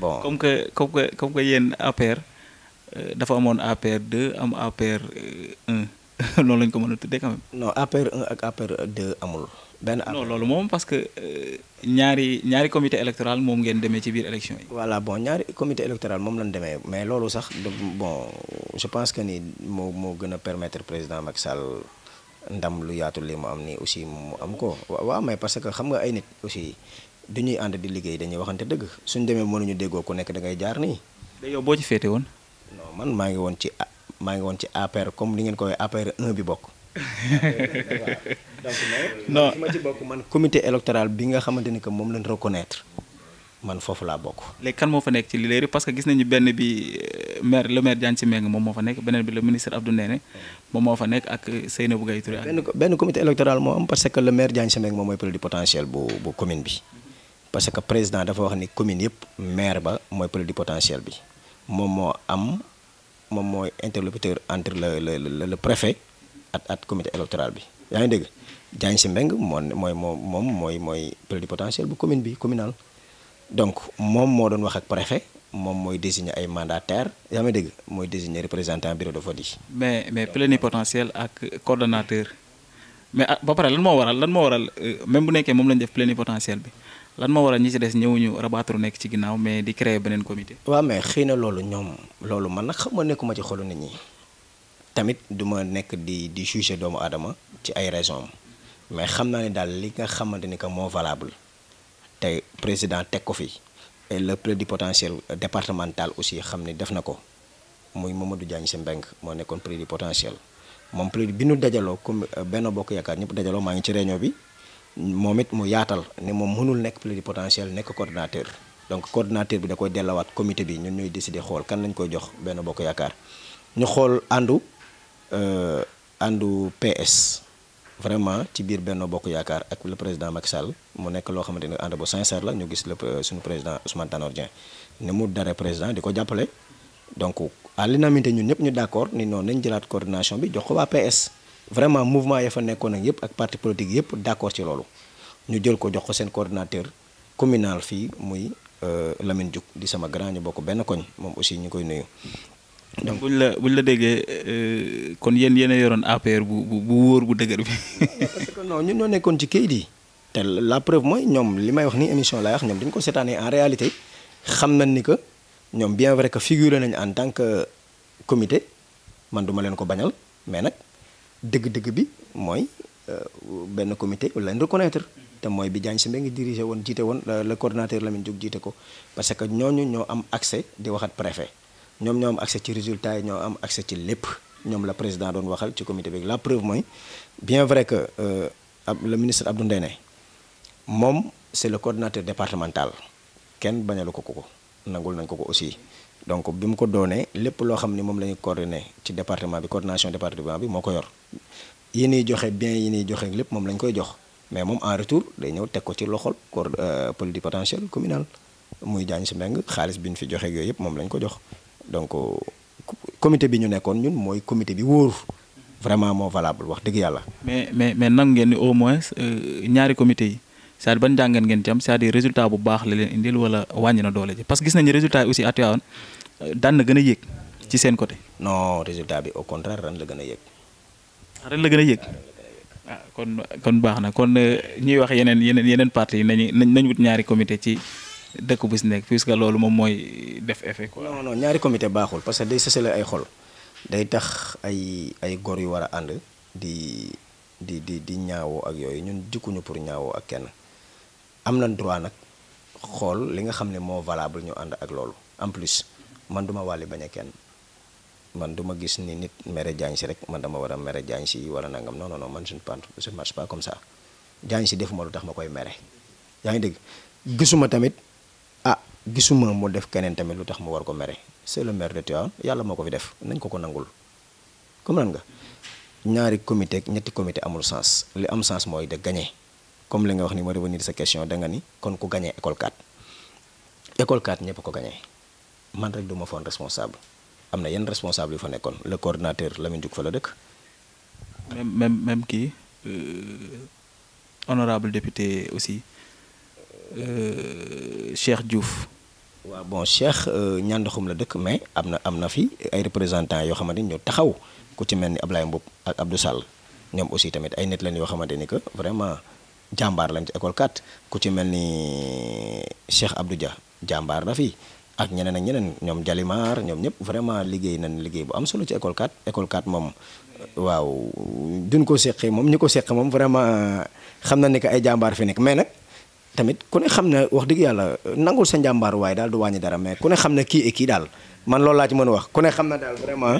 bon comme que comme que comme que yéen APR euh, dafa amoon APR 2 am APR 1 euh, loolu lañ ko mën a tuddee quand même. non APR ak APR 2 amul. benn non loolu moom parce que euh, ñaari ñaari comité électoral moom ngeen demee ci biir élection yi. voilà bon ñaari comité électoral moom lañ demee mais loolu sax bon je pense que nii moo moo gën a permettre président Macky Sall ndam lu yaatu li mu am nii aussi mu am ko waaw mais parce que xam nga ay nit aussi. duñuy and di liggéey dañuy waxante deug suñu démé demee ñu déggo ku nekk da ngay jaar ni da yow bo ci fété won non man ma ngi won ci ma ngi won ci APR comme li ngeen ko waxee APR 1 bi bok donc non ma ci bok man comité électoral bi nga xamanteni que mom lañ reconnaître man fofu la bok léegi kan mo fa nekk ci Liré parce que gis nañu benn bi euh, maire le maire Diagne Meng mom mo fa nekk benen bi le ministre Abdou Ndéné mom mo fa nekk ak Seynabou Gaye Touré. benn benn comité électoral mo am parce que le maire Diagne Meng mom moy plus du potentiel bu bu commune bi. parce que le président dafa wax ni commune yëpp maire ba mooy plénipotentiel bi moom moo am interlocuteur entre le le le préfet et at comité électoral bi yaa ngi dégg. Diagne Sy Mbengue moom mooy bu commune bi communal donc moom moo doon wax ak préfet moom désigne désigner ay mandataires yaa ngi dégg mooy désigner représentant bureau de vote mais mais plénipotentiel ak coordonnateur mais ah, ba pare lan moo waral lan moo waral euh, même bu nekkee moom lañ def plénipotentiel bi. lan moo waral ñi ci des ñëwuñu rabaatru nekk ci ginnaaw mais di créer beneen comité. waaw mais xëy na loolu ñoom loolu man nag xam ma nekkuma ci xolu nit ñi tamit du ma nekk di di juger doomu aadama ci ay raison am mais xam naa ne daal li nga xamante ni que moo valable te président teg ko fi et le plénipotentiel départemental aussi xam ne def na ko moom muy Mamadou Diagne Sy Mbengue moo nekkoon plénipotentiel moom plé bi nu dajaloo comme euh, benn bokk yaakaar ñëpp dajaloo maa ngi ci réunion bi. momit mo mu yaatal ne moom mënul nekk plénipotentiel nek coordinateur donc coordinateur bi da koy dellawaat comité bi ñun ñoy décider xol kan lañ koy jox ben bokk yakar ñu andu euh andu PS vraiment ci bir ben bokk yakar ak le président Macky Sall mu nek lo xamanteni andu bo sincère la ñu gis le euh, suñu président Ousmane Tanordien ne mu dare président diko ko donc à ñun ñep ñu d'accord ni non nañ jëlat coordination bi jox ko PS vraiment mouvement ya fa nekkoon ak yëpp ak parti politique yëpp d'accord ci lolu ñu jël ko jox ko sen coordinateur communal fi muy euh, Lamine Diouk di sama grand ñu bokk ben koñ mom aussi ñi koy nuyu. donc buñ la buñ la euh kon yeen yene yoron APR bu bu bu bu dëgër bi. parce que non ñun ñoo nekkoon ci kayit yi la preuve moy ñom limay wax ni émission la wax ñom dañ ko sétané en réalité xam nañ ni que ñom bien vrai que figuré nañ en tant que comité man duma len ko bañal mais nak dëgg-dëgg bi mooy euh, benn comité lañ reconnaître te mooy bi Diagne ma ngi dirigé woon jiite woon euh, le coordonnateur Lamine Diop jiite ko parce que ñooñu ñoo am accès di waxat préfet ñoom ñoo am accès ci résultats yi ñoo am accès ci lépp ñoom la président doon waxal ci comité bi la preuve mooy bien vrai que euh, le ministre Abdou Ndéné moom c'est le coordonnateur départemental kenn bañalu ko ko ko nangul nañ ko ko aussi donc bi mu ko doonee lépp loo xam ni moom la ñu coordonné ci département bi coordination département bi moo ko yor yi ñuy joxe bien yi ñuy joxe lépp moom la koy jox mais moom en retour day ñëw teg ko ci loxol euh, politique potentiel communal muy jaañ si mbeng xaalis bi ñu fi joxe yooyu yëpp moom la ko jox donc euh, comité bi ñu nekkoon ñun mooy comité bi wóoru vraiment moo valable wax dëgg yàlla. mais mais mais nan ngeen ni au moins euh, ñaari comité yi. cest à jàngat ngeen ci am résultat bu baax la leen indil wala wàññi na doole ji parce que gis nañu résultat yi aussi à Tivaouane euh, daan na gën a yéeg ci seen côté. non résultat bi au contraire ren la gën a yéeg. ren la gën a yéeg. ah kon baax na kon euh, ñuy wax yeneen yeneen yeneen parti yi nañu nañu wut ñaari comité ci dëkk bu si nekk puisque loolu moom mooy def effet quoi. non non ñaari comité baaxul parce que day sësale ay xol day tax ay ay góor yu war a ànd di di di di ñaawoo ak yooyu ñun dikkuñu pour ñaawoo ak kenn. am nañ droit nak xol li nga xam mo valable ñu and ak lolu en plus man duma walé baña kenn man duma gis ni nit mere jañ si rek man dama wara méré mere ci si wala nangam non non non man suñu pant pense marche pas comme ça jañ ci defuma lu tax makoy méré mere ngi dégg gisuma tamit ah gisuma mo def kenen tamit lu tax mu war ko mere c'est le maire de Tivaouane yalla moo fi def nañ ko ko nangul comme nan nga ñaari comité ñetti comité amul sens li am sens moy de gagner comme li nga wax ni ma revenir sa question da nga ni kon ku gagné école 4 école 4 ñëpp ko gagné man rek duma fon responsable am na responsable yu fa nekkoon le coordinateur Lamine Diouf fa la dëkk même même même kii euh, honorable député aussi euh, Cheikh Diouf waaw bon cheikh euh, ñandoxum la dëkk mais am amna am fi ay représentants yoo xamante ni ñu taxaw ku ci mel ni Ablaye Mboup ak Abdou Sall ñoom aussi tamit ay nit lañ yoo xamante que vraiment jambar lañ ci école 4 ku ci melni Cheikh Abdou Dia jambar la fi ak ñeneen ak ñeneen ñom Jalimar ñom ñep vraiment liggey nañ liggey bu am solo ci école 4 école 4 mom waaw duñ ko seqee mom ñiko ko mom vraiment xamna ni ka ay jambar fi nek mais nak tamit ku ne xamna wax deug yalla nangul sa jambar way dal du wañi dara mais ku ne xamna ki kii et kii daal man lool la ci mën wax ku ne xamna dal vraiment.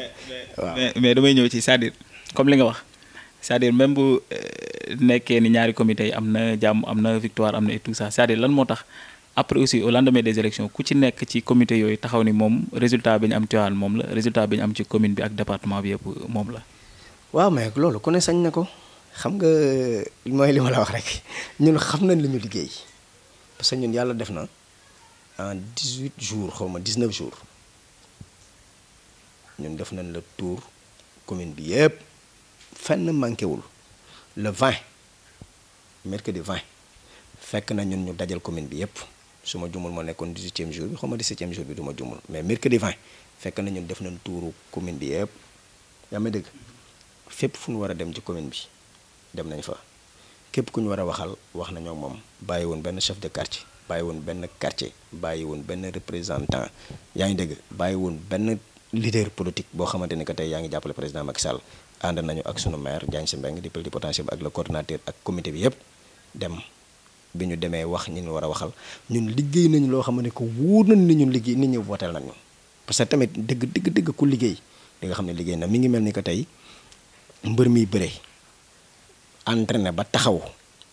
mais mais damay ñëw ci c'est-à-dire comme li nga wax c'est-à-dire même bu. Euh, nekkee ni ñaari comité am na jàmm am na victoire am na et tout ça cest à lan moo tax après aussi au lendemain des élections ku ci nekk ci comité yooyu taxaw ni moom résultat bi ñu am Tivaouane moom la résultat bi am ci commune bi ak département bi yëpp moom la. waaw mais loolu ku ne sañ na ko xam nga mooy li ma la wax rek ñun xam nañ li ñu liggéey parce yàlla def na en 18 jours xaw ma 19 jours ñun def nañ la tour commune bi yëpp fenn manqué wul. le 20 mercredi 20 fekk na ñun ñu dajal commune bi yëpp su ma jumul ma nekkoon 18e jour bi xaw ma 17e jour bi duma ma jumul mais mercredi 20 fekk na ñun def nañ tuuru commune bi yëpp yaa may dëgg fépp fu ñu war a dem ci commune bi dem nañ fa képp ku ñu war a waxal wax nañoo moom bàyyi woon benn chef de quartier bàyyi woon benn quartier bàyyi woon benn représentant yaa ngi dégg bàyyi woon benn leader politique boo xamante ne que tey yaa ngi jàppale président Macky Sall andal nañu ak sunu maire Diagne Sy Mbengue di plénipotentiaire bi ak le coordinateur ak comité bi yépp dem biñu démé wax ñi ñu war waxal ñun liggéey nañ lo xamné ko wóor nañ ni ñun liggéey nit ñi votel nañ parce que tamit dëgg dëgg dëgg ku liggéey li nga xamné liggéey na mi ngi melni ko tay mbeur mi béré entraîner ba taxaw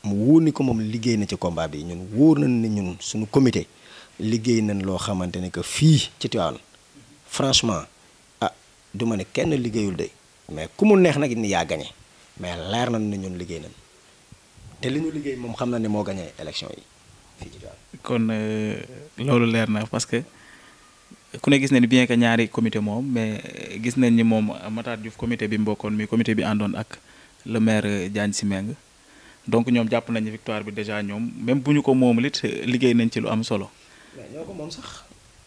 mu wóor ni ko mom liggéey na ci combat bi ñun woor nañ ni ñun suñu comité liggéey nañ lo xamanté ni ko fi ci tiwal franchement ah duma ma ne kenn liggéeyul de mais ku mu neex nag ni yaa gagné mais leer nañ ne ñun liggéey nañ te li ñu liggéey moom xam na ne moo gagné élection yi fii ci kon euh, loolu leer na parce que ku ne gis nañ bien que ñaari comité moom mais euh, gis nañ ni moom Matar Diouf comité bi mbokkoon mii comité bi àndoon ak le maire euh, Diagne Simeng donc ñoom jàpp nañu victoire bi déjà ñoom même bu ñu ko moomul it liggéey nañ ci lu am solo.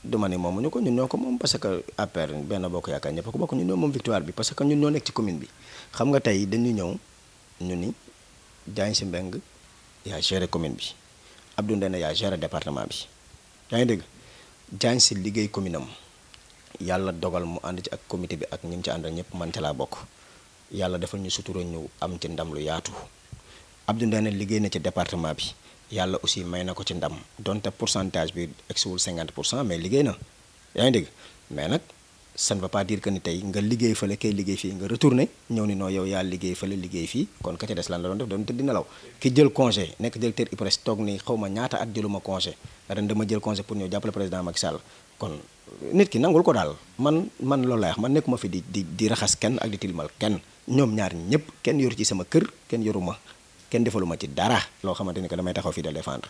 du ma ne moomuñu ko ñun ñoo ko moom parce que APR benn bokk yaakaar ñëpp ko bokk ñun ñoo moom victoire bi parce ñun ñoo nekk ci commune bi xam nga tey dañu ñëw ñu ni Diagne si Mbengue yaa géré commune bi Abdou Ndene yaa géré département bi yaa ngi dégg Diagne si liggéey commune am yàlla dogal mu ànd ci ak comité bi ak ñi mu ci àndal ñëpp mante laa bokk yàlla defal ñu sutura ñu am ci ndam lu yaatu Abdou Ndene liggéey na ci département bi yalla aussi may na ko ci ndam donte pourcentage bi egsiwul 50 mais liggéey na yaa ngi mais nak ça ne veut pas dire que ni tay nga liggéey fële kay liggéey fi nga retourner ñew ni no yow ya liggéey fële liggéey fi kon ka ca dess lan la doon def doon dina law ki jël congé nek directeur IPRES tok ni xawma ñaata at jëluma congé ren dama jël congé pour ñëw jappel président Macky Sall kon nit ki nangul ko dal man man lo lay wax man nekuma fi di di raxas ken ak di tilmal ken ñom ñaar ñëpp ken yor ci sama kër ken yoruma ken defaluma ci dara lo xamanteni ko damay taxaw fi de défendre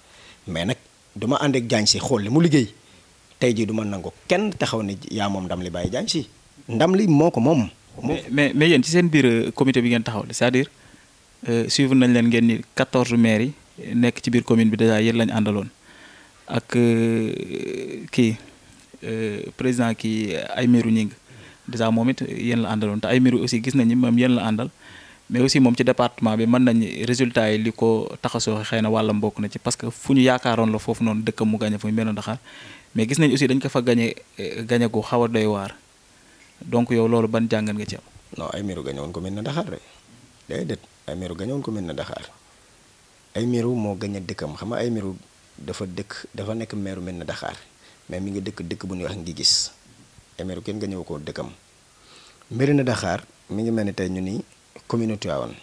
mais nak duma ànd ak Diagne Sy xool li mu liggey tay ji duma ma ken taxaw ni ya mom dam li baye Diagne Sy ndam li moko mom mais mais yeen ci sen bir euh, comité bi ngeen taxaw c'est-à-dire euh suivre nañ len ngeen ni 14 maire nek ci bir commune bi déjà yeen lañ andalon ak euh, ki euh président ki ay maire ñing déjà momit yeen la andalon ta ay maire aussi gis nañ ni mom yeen la andal mais aussi mom ci département bi man nañ résultat yi liko taxaso xeyna a sooxe na ci parce que fuñu yakaron la fofu non dekk mu gagné fu ñu meloon mais gis nañ aussi dañ ko fa gagné eh, gagné gu xawa doy war donc yow lolu ban jàngat nga ci am. non ay miru gagné won ko mel na rek day det ay miru won ko ay miru mo dekkam xama ay miru dafa dekk dafa nek meeru mel na mais mi nga dekk dekk bu ñu wax ngi gis ay miru ken gagné wu dekkam merina dakar mi ngi melni tay commune Tivaouane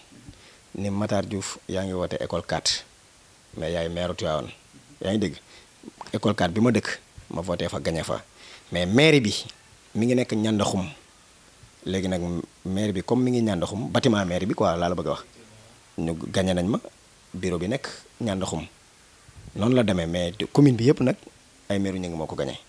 ni Matar Diouf yaa ngi woote école 4 mais yaay maire Tivaouane yaa ngi dégg école 4 bi ma dëkk ma voté fa gañe fa mais maire bi mi ngi nekk ñandaxum léegi nag maire bi comme mi ngi ñandaxum bâtiment maire bi quoi laa la bëgg a wax ñu gañe nañ ma bureau bi nekk ñandaxum noonu la demee mais commune bi yëpp nag ay maire ñu ngi moo ko gañe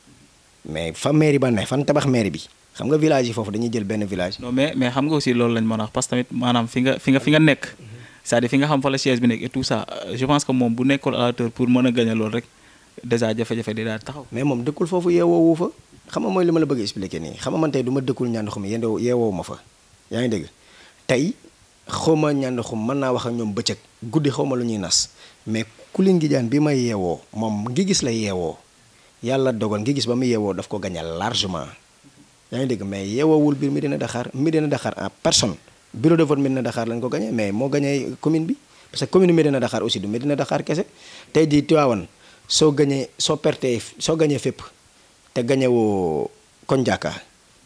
mais fa maire ba ne fan tabax maire bi xam nga village yi foofu dañuy jël benn village. non mais mais xam nga aussi loolu lañ mën a wax parce que nga fi nga fi xam fa la chaise bi nekk et tout ça euh, je pense que moom bu nekkoon à la hauteur pour a taxaw. mais moom dëkkul foofu yeewoowu fa xam nga mooy li ma la bëgg expliquer nii xam nga man tey du ma dëkkul ñànd xum yeewoo ma fa ngi dégg tey xaw ma ñànd xum mën naa wax ak ñoom bëccëg guddi xaw ma lu ñuy nas mais kulin gi jaan bi ma yeewoo moom ngi gis la yeewoo yàlla dogal ngi gis ba mu yeewoo daf ko gagné largement yaa ngi dégg mais yeewawul biir Médina Dakhar Médina Dakhar en personne bureau de vote Médina Dakhar lañ ko gagné mais moo gagné commune bi parce que commune Médina Dakhar aussi du Médina Dakhar kese tey jii Tivaouane soo gagné soo pertee soo gagné fépp te gagné woo Kondiaka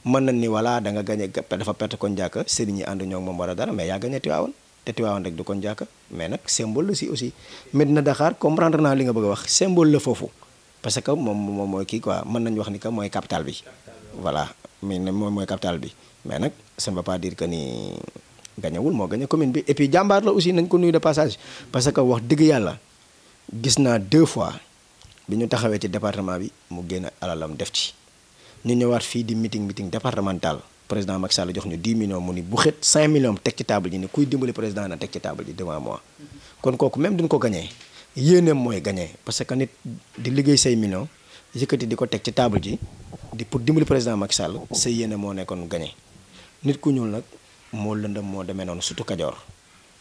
mën nañ ni voilà da nga gagné dafa perte Kondiaka sëriñ ñi ànd ñoo moom wala dara mais yaa gagné Tivaouane te Tivaouane rek du Kondiaka mais nag symbole la si aussi Médina Dakhar comprendre naa li nga bëgg a wax symbole la foofu parce que moom moom mooy kii quoi mën nañ wax ni que mooy capital bi voilà mais moom mooy capital bi mais nag ça ne veut pas dire que ni gañawul moo gañe commune bi et jàmbaar la aussi nañ ko nuyu de passage parce que wax dëgg yàlla gis naa deux fois bi ñu taxawee ci département bi mu génn alalam def ci ñu ñëwaat fii di meeting meeting départemental président Macky Sall jox ñu 10 millions mu ni bu xët 5 millions teg ci table ji ni kuy dimbali président na teg ci table ji devant moi mm-hmm. kon kooku même duñ ko gañee yéeneem mooy gañee parce que nit di liggéey say millions yëkëti diko tek ci table ji di pour dimbali président Macky Sall sey yene mo nekkon gagné nit ku ñul nak mo lëndam mo démé non surtout kadior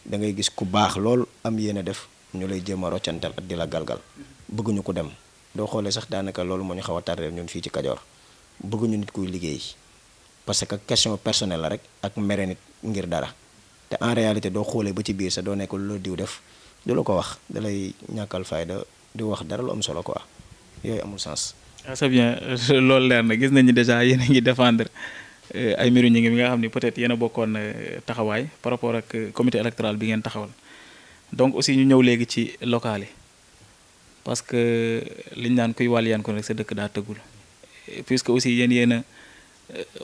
da ngay gis ku baax lool am yene def ñu lay jëma rocantal ak dila galgal bëgguñu ko dem do xolé sax danaka lool mo ñu xawa tardé ñun fi ci kadior bëgguñu nit kuy liggéey parce que question personnelle rek ak méré nit ngir dara té en réalité do xolé ba ci biir sa do nekk lo diw def dula ko wax dalay ñakal fayda di wax dara lu am solo quoi yooyu amul sens. ah bien loolu leer na gis nañu déjà yéen a ngi défendre euh, ay miru ñi ngi nga xam ni peut-être yéen a bokkoon euh, taxawaay par rapport ak euh, comité électoral bi ngeen taxawal donc aussi ñu ñëw léegi ci local yi parce que liñ naan kuy wàll yaan ko rek sa dëkk daa tëggul puisque aussi yéen yéen a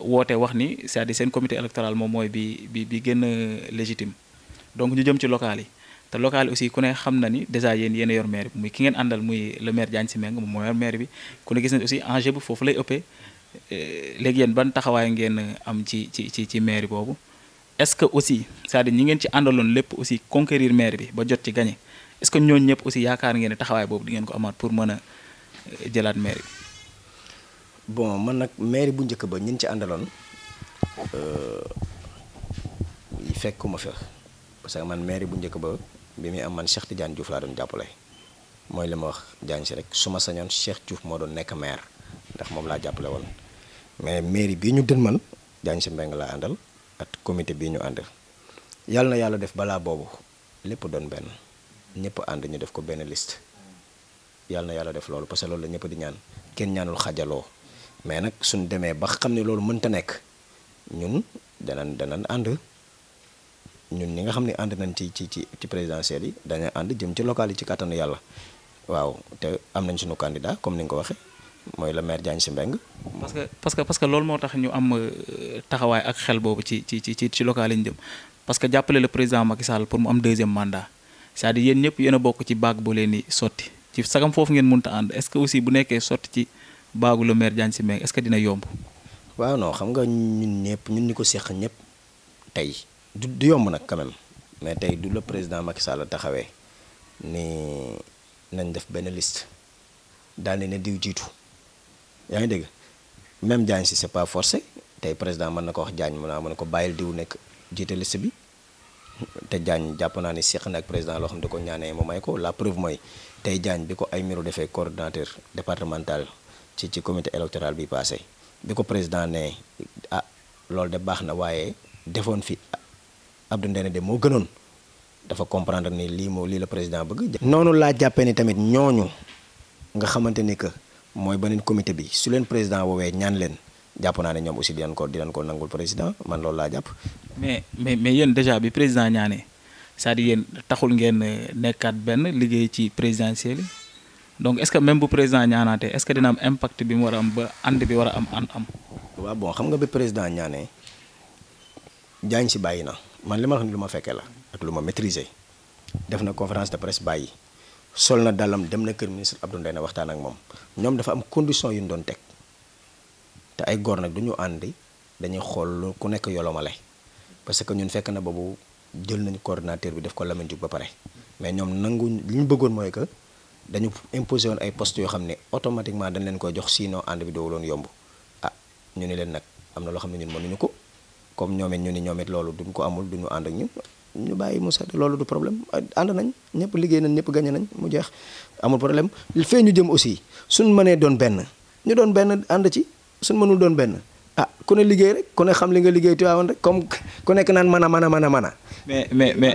woote wax ni c'est-à-dire seen comité électoral moom mooy bi bi bi gën légitime donc ñu jëm ci local yi te local aussi ku ne xam na ni déjà yéen yéen yor maire muy ki ngeen andal muy le maire Diagne Simeng mo yor maire bi ku ne gis na aussi enjeu bu fofu lay ëppee eh, légui yéen ban taxaway ngeen am ci ci ci ci maire bobu est-ce que aussi c'est-à-dire ñi ngeen ci àndaloon lepp aussi conquérir maire bi ba jot ci gagné est-ce que ñooñu ñep aussi yaakar ngeen taxaway bobu di ngeen ko amat pour mën eh, jëlat maire bi. bon man nak maire bu ñëk ba ñin ci àndaloon euh, fekkuma fa parce que man maire bu njëkk ba bi mi am man Cheikh Tidiane Diouf la doon jàppale moy li wax jaan rek suma sañon Cheikh Diouf mo doon nek maire ndax mom la jàppale won mais maire bi ñu man jaan mbeng la andal at comité bi ñu andal yalla na yalla def bala bobu lepp doon ben ñepp and ñu def ko ben liste yalla na yalla def lolu parce que lolu la ñepp di ñaan kenn ñaanul xajalo mais nak suñu démé ba xamni lolu mënta nek ñun danan danan and ñun ñi nga xamni and nañ ci ci ci présidentiel yi dañu and jëm ci local yi ci katanu yalla waaw té am nañ suñu candidat comme ni nga waxé moy le maire Diagne Simbeng parce que parce que parce que lool motax ñu am euh, taxaway ak xel bobu ci ci ci ci local yi ñu jëm parce que jappelé le président Macky Sall pour mu am deuxième mandat c'est-à-dire yeen ñëpp yeena a ci baag bo leni soti ci sagam fofu ngeen mën ta and est-ce que aussi bu nekké soti ci baagu le maire Diagne Simbeng est-ce que dina yomb waaw non xam nga ñun ñëpp ñun niko ko seq tay du yom nak quand même mais tay du le président Macky Sall taxawé ni nañ def ben liste dal ne diw jitu yaa ngi même Diagne si c'est pas forcé tay président man nako ko wax Diagne mo na mën ko bayil diw nek jité liste bi te Diagne jàpp ni ne nak président lo xam ne ko may ko la preuve moy tay Diagne bi ay miro défé coordinateur départemental ci ci comité électoral bi passé bi président ne ah de baxna na waaye fi Abdou ndene de mo gënoon dafa comprendre ni li mo li le président bëgg. noonu la jappé ni tamit ñooñu nga xamanteni ke moy benen comité bi su len président wowe ñaan len jàpp ni ñom aussi ko len ko nangul président man lool la Me mais mais mais yeen déjà bi président ñaané ça à yeen taxul ngeen euh, nekkat ben liggéey ci présidentiel donc est-ce que même bu président ñaanaté est-ce que dina am impact bi mo wara am ba and bi wara am am. wa bon xam nga bi président ñaané jañ si bayina na man lima xam luma fekke la ak luma maîtriser def na conférence de presse bayyi sol na dalam dem na kër ministre Abdou Ndeye na waxtaan ak mom ñom dafa am condition yu ndon tek teg te ay gor nak duñu andi dañuy xol lu ku nekk yolomale parce que ñun fekk na bobu jël nañ coordinateur bi def ko Lamine Diouf ba pare mais ñom nangu liñ bëggoon moy que dañu imposer won ay poste yo xamné ne automatiquement dañ leen ko jox sino and bi won yomb ah ñu ni leen nak amna lo xamné ñun mënuñu ko comme ñoom it ñu ni ñoom it loolu duñ ko amul duñu ànd ak ñun ñu bàyyi mu set loolu du problème ànd nañ ñëpp liggéey nañ ñëpp gagné nañ mu jeex amul problème fee ñu jëm aussi suñ mënee doon benn ñu doon benn ànd ci suñ mënul doon benn ah ku ne liggéey rek ku ne xam li nga liggéey Tiwaawan rek comme ku nekk naan mën a mën a mën a mën a mais mais mais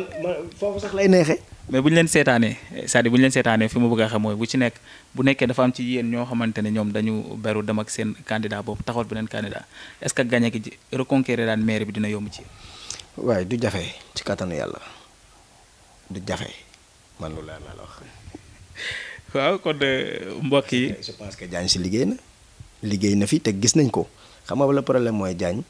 foofu sax lay neexee mais bu ñu leen seetaanee cest à bu ñu leen seetaanee fi mu bëgg a xam mooy bu ci nekk bu nekkee dafa am ci yéen ñoo xamante ne ñoom dañu beru dem ak seen candidat boobu taxawal beneen candidat est-ce que gagné gi reconquérir daan maire bi dina yomb ci. waaye du jafe ci kattanu yàlla du jafe man loolu laa la wax. waaw kon euh, mbokk yi. je pense que Diagne si liggéey na liggéey na fi te gis nañ ko xam nga le problème mooy Diagne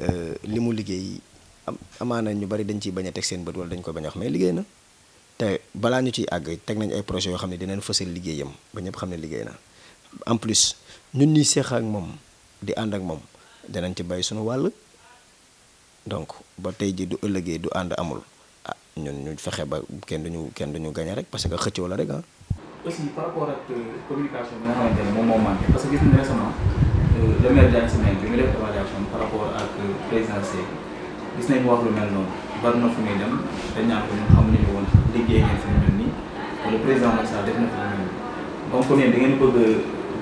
euh, li mu liggéey am amaana ñu bari dañ ci bañ a seen bët wala dañ ko bañ a wax mais liggéey na. té bala ñu ci ag teg nañ ay projet yo xam dinañ fassal liggéeyam ba ñëpp xam liggéey na en plus ñun ñi seex ak mom di and ak mom dinañ ci bay suñu wàll donc ba tay ji du ëllëgé du and amul ah, ñun ñu fexé ba kenn duñu kenn duñu gañe rek parce que xëccio la rek hein ah. aussi par rapport ak euh, communication bi nga xamante ne moom moo parce que gis nañ récemment euh, le maire Diagne bi mu def évaluation par rapport ak euh, présidentielle gis nañ wax lu mel noonu bari na fu muy dem dañ naan ko ñun xamuñu ne woon liggéey ngeen fi mel nii wala président Macky Sall def na fi mel nii donc ne da ngeen bëgg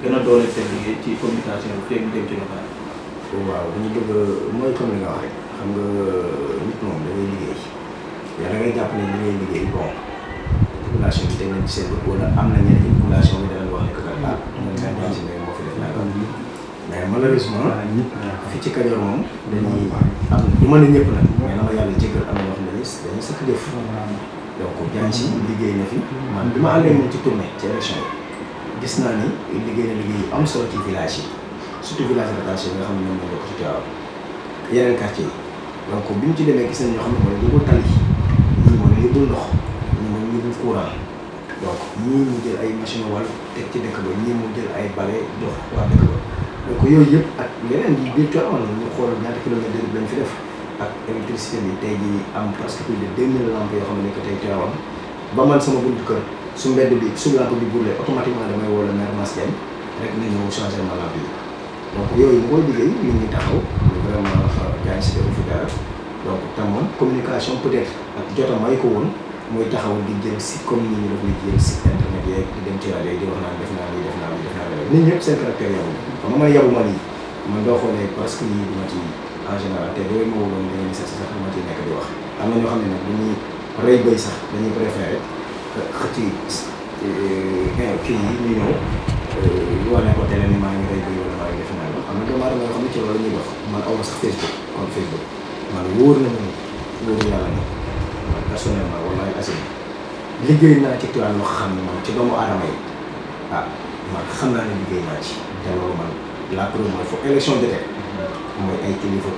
gën a doole seen liggéey ci communication bi fekk dem mooy comme li nga wax rek nga nit moom da ngay liggéey yow da ngay jàpp ne li ngay liggéey bon population bi teg nañ ci seen bopp wala am na ñeneen population bi danañ wax ne que daal ah, mais malheureusement fii ci Kajoor moom dañuy am du mën a ñëpp nag mais na ma yàlla jéggal am na wax ne dañuy sëkk def donc jaan si liggéey na fi man bi ma àndee moom ci tournée ci élection yi gis naa ni liggéey na liggéey yu am solo ci village yi surtout village rattaché yi nga xam ne ñoom ñoo bokk ci Tivaouane yeneen quartier yi donc bi ñu ci demee gis nañ ñoo xam ne mooy yëgul tali ñii mooy yëgul ndox ñii mooy yëgul courant donc ñii ñu jël ay machine wàll teg ci dëkk ba ñii mu jël ay bale jox waa dëkk ba donc yooyu yëpp ak yeneen yi biir Tivaouane ñu xool ñaata kilomètre de lañ fi def ak électricité bi ji am presque plus de 2000 lampes yoo xam ne que tey ba man sama buntu kër su mbedd bi su lampe bi brûlé automatiquement damay woo le maire rek na ñëw changé ma lampe donc yooyu mu koy liggéey ñu ngi taxaw vraiment gaañ si def fi dara donc tam communication peut-être ak jota may ko taxaw di jël site comme ñu def di jël site internet yeeg di dem ci rajo di wax naan def naa lii def naa def naa nit ñëpp seen nga mën a yow ma lii man doo xoolee parce que lii duma ci en général te loolu moo waroon da ngeen sax sax dama ci nekk di wax am na ñoo xam ne nag bu ñuy rey béy sax dañuy eh, eh, kii yi ñu eh, maa ngi rey béy wala maa ne ci loolu wax man aw ma sax Facebook na ma wóor yàlla liggéey naa ci tuwaan loo xam ne moom ci doomu aadama yi ah man xam naa ne liggéey naa ci te loolu ay kilifa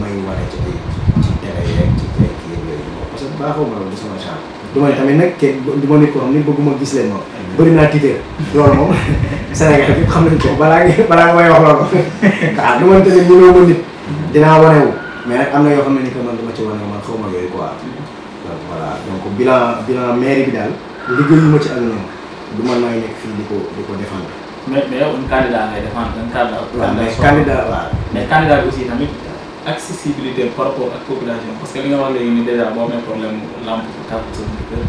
may wane ci ay ma loolu du sama genre du ma nit koo xam ne bëgguma gis leen moom bëri naa tiitee loolu moom Sénégal yëpp xam nañ ko balaa ngi balaa ah ma yoo xam ne ni que man dama ci wane man xaw ma yooyu quoi voilà donc bilan bilan mairie bi daal liggéeyu ma ci ak ñoom du man maay nekk fii di ko di ko défendre. mais mais yow un candidat ngay défendre un candidat. waaw mais candidat waaw mais candidat bi aussi tamit accessibilité par rapport ak population parce que li nga wax léegi nii dèjà boo amee problème lampe tàkk sa kër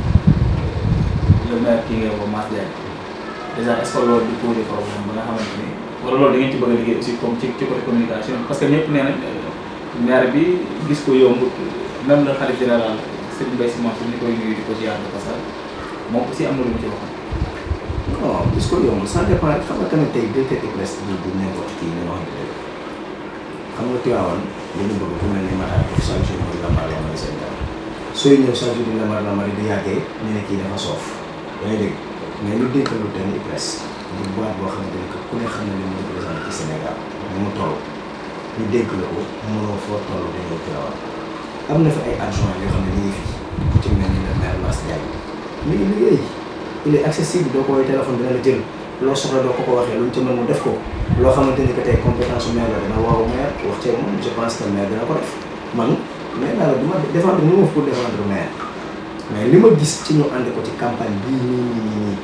le maire kii nga ko Mass Diagne dèjà est ce que loolu du posé problème ba nga xamante ni wala loolu da ngeen ci bëgg a liggéey aussi comme ci ci côté communication parce que ñëpp nee nañ euh, maire bi gis ko yomb même le xalif général Serigne Mbaye Sy Mansour ni koy nuyu di ko ziar parce que. moom aussi am na lu mu ci waxoon. ko yow ça dépend xam nga tamit tey deux têtes de xam nga Tivaouane li ñu bëgg ku mel ni Matar pour chaque jour sooy ñëw chaque jour di lamar lamari yàggee ñu ne kii dafa soof yaa ne ne xam ne la ko mënoo foo toll dañoo Tivaouane am na fi ay adjoint yoo xam ne ñu fi ku ci mel ni le maire Mass Ndiaye mu ci mën mu def loo xamante ni que ma défendre mu ma li ma gis ci ñu ànd ko ci campagne bii nii nii nii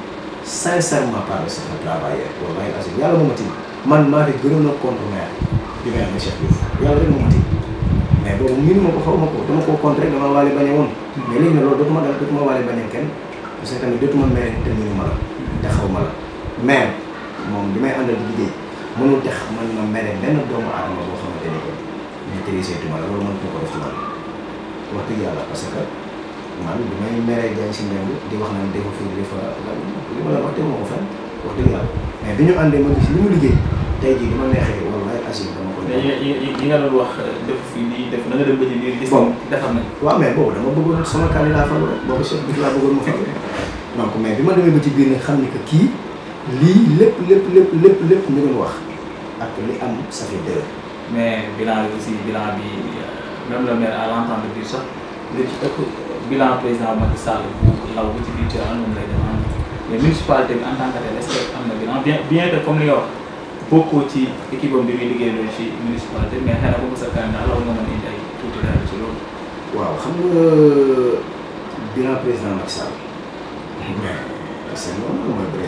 sincèrement parle c'est un travailleur wallahi as yàlla mooma ti man maa fi gënoon a contre maire bi may am Cheikh Diouf yàlla rek mooma ma ko waale bañe woon mais ne loolu dootuma dal dootuma waale bañe kenn parce que tamit dootuma mere te mënu ma la te xaw ma la mais moom li may àndal di liggéey mënul ma mere benn doomu aadama boo xamante ne ko maîtriser tuma la loolu mënut ma ko def ci man wax te ko fenn wax dëgg yàlla mais bi mu liggéey tey jii dama neexee wallaay asim wax euh, def fii def na nga dem donc mais bi ma demee ba ci biir nag xam ni que kii lii lépp lépp lépp lép lépp ñu doon wax ak li am ça fait deux mais bilan bi aussi bilan bi euh, même le al à l'entendre bi sax li ci bilan président Macky Sall bu law bu ci biir Tivaouane moom lay def mais municipalité bi en tant que tel am na bilan bien bien que comme li ci équipe am bi muy liggéey loolu ci municipalité mais xëy na sa candidat la war nga mën a indi ay tuuti daal ci loolu. waaw xam nga euh, bilan maire te seen yi dafa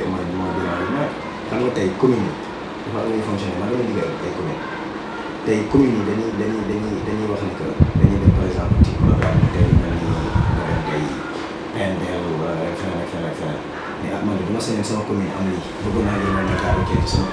am ay fonctionnaire may ma taaru kenn sama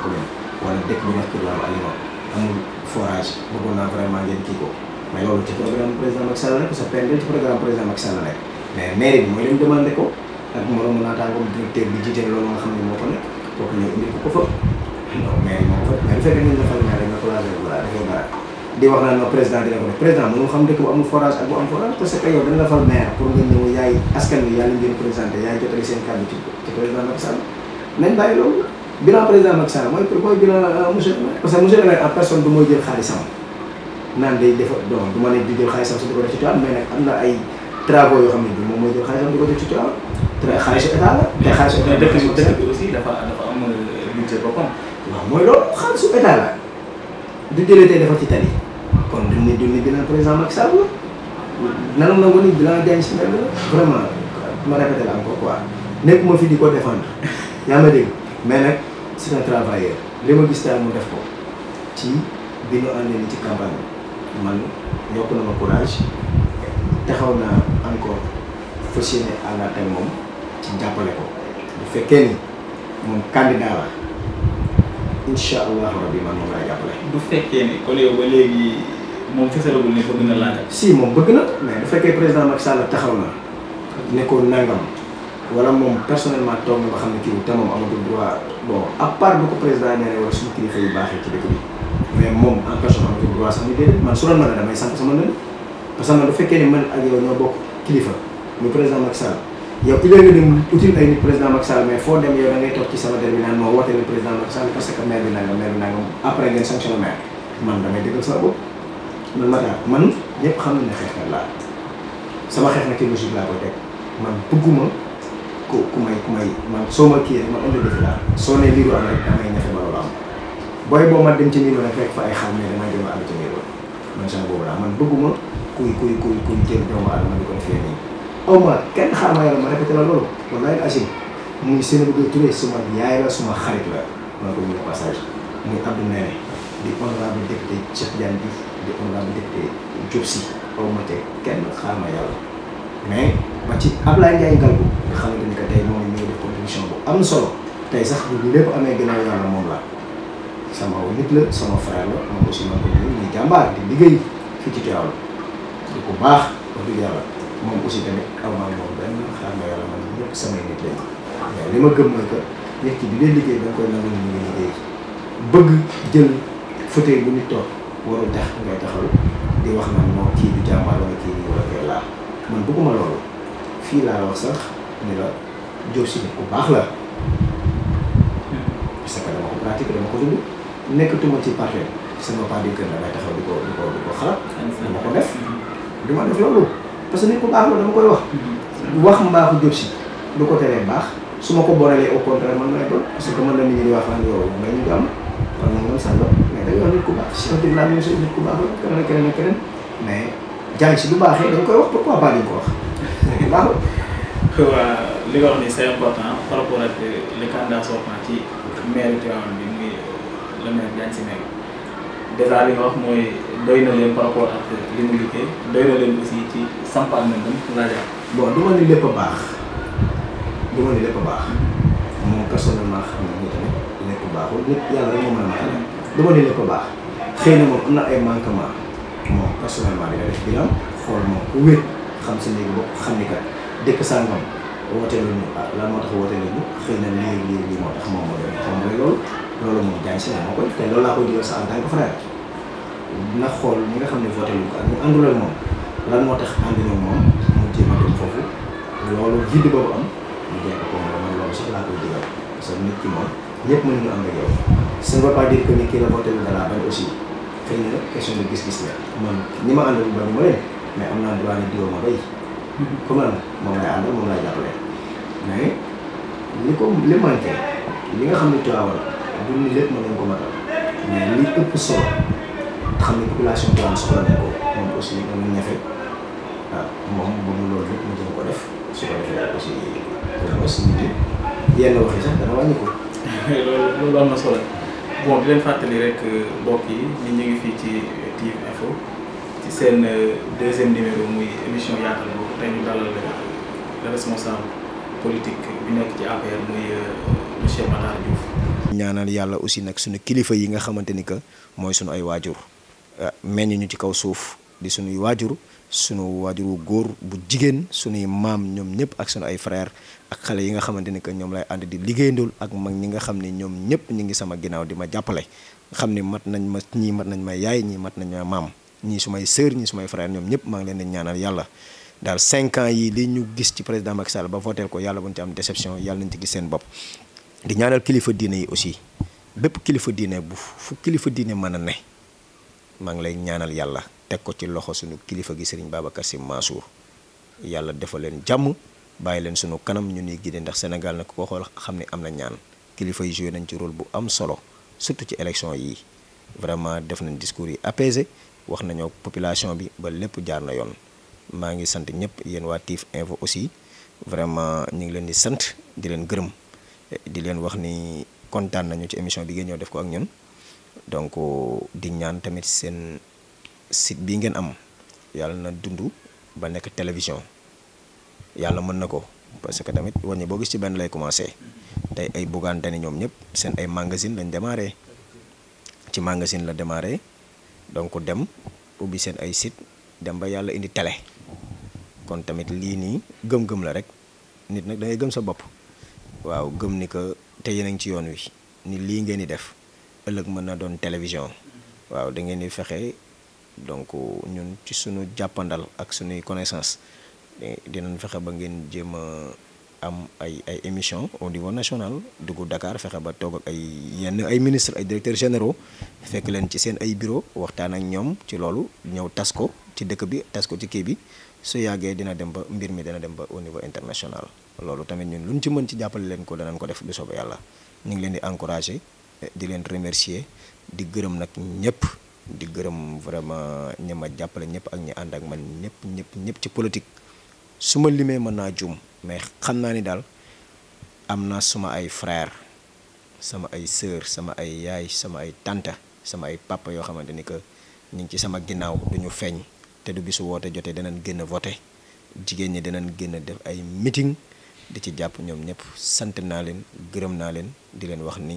commune wala dëkk bu nekk kër laalu aliment amul forage bëggoon naa vraiment ngeen kii ko mais loolu ci programme président Macky Sall la sa PNDL ci programme président Macky Sall la mais mais bi mooy leen demandé ko ak moromu naataangoom directeur bi jiite loolu nga xam ne moo ko nekk kooku ñëw indi ko ko fa donc mairie moo mais bu nga placé bu laa xam dëkk bu amul forage bu am forage parce que pour nga ñëw yaa leen di représenté yaay jotali seen kàddu ci ci président Macky Sall nañ bàyyi loolu bilan président Macky Sall euh, du mooy jël xaalisam naan de defa doon du ma ne di jël xaalisam su di ko def ci toile mais nag am na ay travaux yoo xam ne bii moom mooy jël xaalisam di ko def aussi dafa dafa am euh, budget mooy loolu xaalisu état di du jëlee tey dafa ci tali. kon duñ ne duñ ne bilan président Macky Sall la. nangu ni bilan Diagne Sy Ndande la vraiment ma répété la encore quoi nekk ma fi di ko défendre yaa ma dégg mais nag c'est un travailleur li ma gis daal mu def ko ci bi ñu àndee ni ci campagne man yokk na ma courage. taxaw na encore fas yéene àndaat ak moom ci jàppale ko bu fekkee ni moom candidat la incha allahu rabi man moom laa jàppale. bu fekkee ni kon yow ba léegi moom fësalagul ne bëgg na laaj. si moom bëgg na mais bu fekkee président Macky Sall taxaw na ne ko nangam wala moom personnellement toog na ba xam ne kii te moom amatul droit bon à part bu ko président nee wala suñu kilifa yu baaxee ci dëkk bi mais moom en personne amatul droit sax parce que man bu fekkee ne man ak yow ñoo bokk kilifa muy président Macky Sall yow il nga dem utile ay président Macky Sall mais foo dem yow da ngay toog ci sama der bi naan moo woote ne président Macky Sall parce que maire bi nangam sama bopp xam na laa sama xeex na ci logique laa koy man bëgguma ma kii rek man ënd defi soo ne lii du am rek ci nii ay xam kuy kuy kuy kuy jël doomu aadama di ko defee nii au moins kenn xaar ma yàlla ma répété la loolu wallahi asim muy seen bëgg turé suma yaay la suma xarit la ma ko ñu passage muy Abdou Nene di honorable député Cheikh ma yàlla mais ba moom bu am solo tey sax lépp amee gannaaw yàlla moom la sama nit la sama frère la moom aussi ma ko ñu di liggéey fii ci Tivaouane di ku baax wax dëgg yàlla moom aussi tamit aw maa moom benn xaar ma yàlla man ñëpp samay nit lañ mais li ma gëm mooy que nit ki bi ngay liggéey da nga koy nangu ñu ngi liggéey bëgg jël fauteuil bu nit toog warul tax ngay taxaw di wax naan non kii du jàmbaar wala kii nii wala kii laa man bëgguma loolu fii laa wax sax ni la jóg si nit ku baax la parce que dama ko pratique dama ko dund nekkatuma ci parfait sama part du kër di ko di ko di ko xalaat dama ko def du ma def loolu parce que nit ku baax la dama koy wax. wax mbaaxu Diop Sy du ko teree baax su ma ko boralee au contraire man may bon parce que mën na nit ñi di wax naan yow may ñu am kon nag man sànq mais dañoo nit ku baax Cheikh Diouf laa la keneen ak keneen ak keneen mais jaay si du baaxee dañ koy wax pourquoi ko wax baax la. waa li nga wax ni c'est important par rapport ak le candidat sortant ci maire Tivaouane bi muy le li nga wax mooy. doy na leen par rapport ak li mu liggéey doy na leen aussi ci sampal na dem laaja ni lépp a baax du ma ni lépp baax moom personnellement xam a baaxul nit yàlla rek moo mën a matal du na ay manquement moom personnellement di nga def bilan xool moom ku wér xam sa néegi bopp xam ni kat dëkk sàngam woote lu ñu ah lan moo tax woote lu ñu na lii lii lii moo tax moom moo doon xam mooy loolu loolu moom jaañ si na moo koy te loolu laa koy digal sa en tant que frère dina xol ñi nga xam ne voté lu ko ak ñu ak mom lan mo tax ànduñu mom mu jéem a dem fofu lolu vide bobu am ñu jé ko mo man lolu sax la ko diga sa nit ki mom ñepp mën ñu am ak yow ça ne pas dire que ni ki la voté dara bañ aussi fay na question de gis-gis la man ñi ma ba ñu mo leen mais amna naa droit ne diwa ma bay ko man mo lay àndal mo lay jàppale mais ni ko le manqué li nga xamni ne tuwaaw du ni lepp mo nañ ko matal mais li ëpp solo xam ne population Tivaouane soxla nañ ko moom aussi mu ñafe moom mu ah, loolu mu jëm ko def su ko defee aussi dina na euh, ñu ngi fii ci TIV Info ci seen euh, deuxième numéro muy émission yaatal boobu tey ñu dalal euh, responsable politique bi nekk ci APR muy monsieur Matar Diouf. ñaanal yàlla aussi nag suñu kilifa yi nga xamante ni que mooy suñu ay waajur. Eh, melni ñu ci kaw suuf di sunuy waajur sunu waajur wu bu jigen sunuy mam ñom ñep ak sunu ay frère ak xalé yi nga xamanteni ke ñom lay ànd di liggéeyandool ak mag ñi nga xamni ñom ñep ñi ngi sama ginau di ma jappalé xamni mat nañ ma ñi mat nañ ma yaay ñi mat nañ ma mam ñi sumay sœur ñi sumay frère ñom ñep maa ngi leen di ñaanal yalla dal 5 ans yi li ñu gis ci président Macky Sall ba votel ko yalla buñ ci am déception yalla nañ ci gis seen bop di ñaanal kilifa diiné yi aussi bép kilifa diiné bu fu kilifa diiné mëna né Mang lay ñaanal yalla tek ko ci loxo suñu kilifa gi serigne babakar Sy Mansour yalla defal len jamm bay len suñu kanam ñu gi de ndax senegal nak ko xol xamni amna ñaan kilifa yi joué nañ ci rôle bu am solo surtout ci élection yi vraiment def nañ discours yi apaisé wax nañu population bi ba lepp jaar na yoon ma ngi sante ñep yeen wa tif Info aussi vraiment ñi ngi len di sant di len gërem di len wax ni contane nañu ci émission bi ngeen ñoo def ko ak ñun donc di ñaan tamit seen site bi ngeen am yàlla na dund ba nekk télévision yàlla mën na ko parce que tamit wàññi boo gis ci benn lay commencé tey ay Bougane Dany ñoom ñëpp seen ay magazine lañ démarré ci magazine la démarré donc dem ubbi seen ay site dem ba yàlla indi télé kon tamit lii nii gëm-gëm la rek nit nag da ngay gëm sa bopp waaw gëm ni que te yéen ci yoon wi ni lii ngeen def ëlëk mëna doon télévision waaw da ngeen di fexe donc ñun ci suñu jàppandal ak suñu connaissance dinañ fexe ba ngeen jéem am ay ay émission au niveau national dugg Dakar fexe ba toog ak ay yenn ay ministres ay directeurs généraux fekk leen ci seen ay bureau waxtaan ak ñoom ci loolu ñëw tas ko ci dëkk bi tas ko ci kii bi su yàggee dina dem ba mbir mi dina dem ba au niveau international loolu tamit ñun luñ ci mën ci jàppale leen ko danañ ko def bu soobee yàlla ñu ngi leen di encourager Eh, di leen remercier di gërëm nag ñëpp di gërëm vraiment ñi jàppale ñëpp ak ñi ànd ak man ñëpp ñëpp ñëpp ci politique su ma limee mën naa juum mais xam naa ni daal am naa suma ay frère sama ay sœur sama ay yaay sama ay tante sama ay papa yoo xamante ni que ñu ngi ci sama ginnaaw ñu feeñ te du bisu woote jotee danan gën a voté jigéen ñi danañ gën a def ay meeting di ci jàpp ñoom ñëpp sant naa leen gërëm naa leen di leen wax ni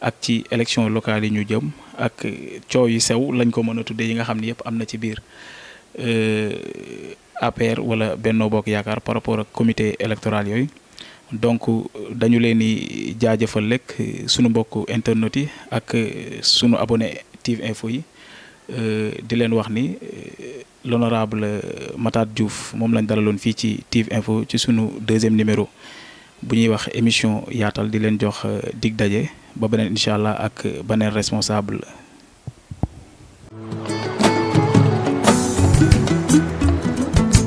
ak ci élection locale yi ñu jëm ak coow yu sew lañ ko mën a tuddee yi nga xam ni yëpp am na ci biir euh, APR wala Benno Bokk Yaakaar par rapport ak comité électoral yooyu donc dañu leen di jaajëfal rek sunu mbokk internet yi ak sunu abonné tive info yi euh, di leen wax ni euh, l'honorable Matar Diouf moom lañ dalaloon fii ci TV info ci sunu deuxième numéro bu ñuy wax émission yaatal di leen jox dig daje. ba beneen incha allah ak beneen responsable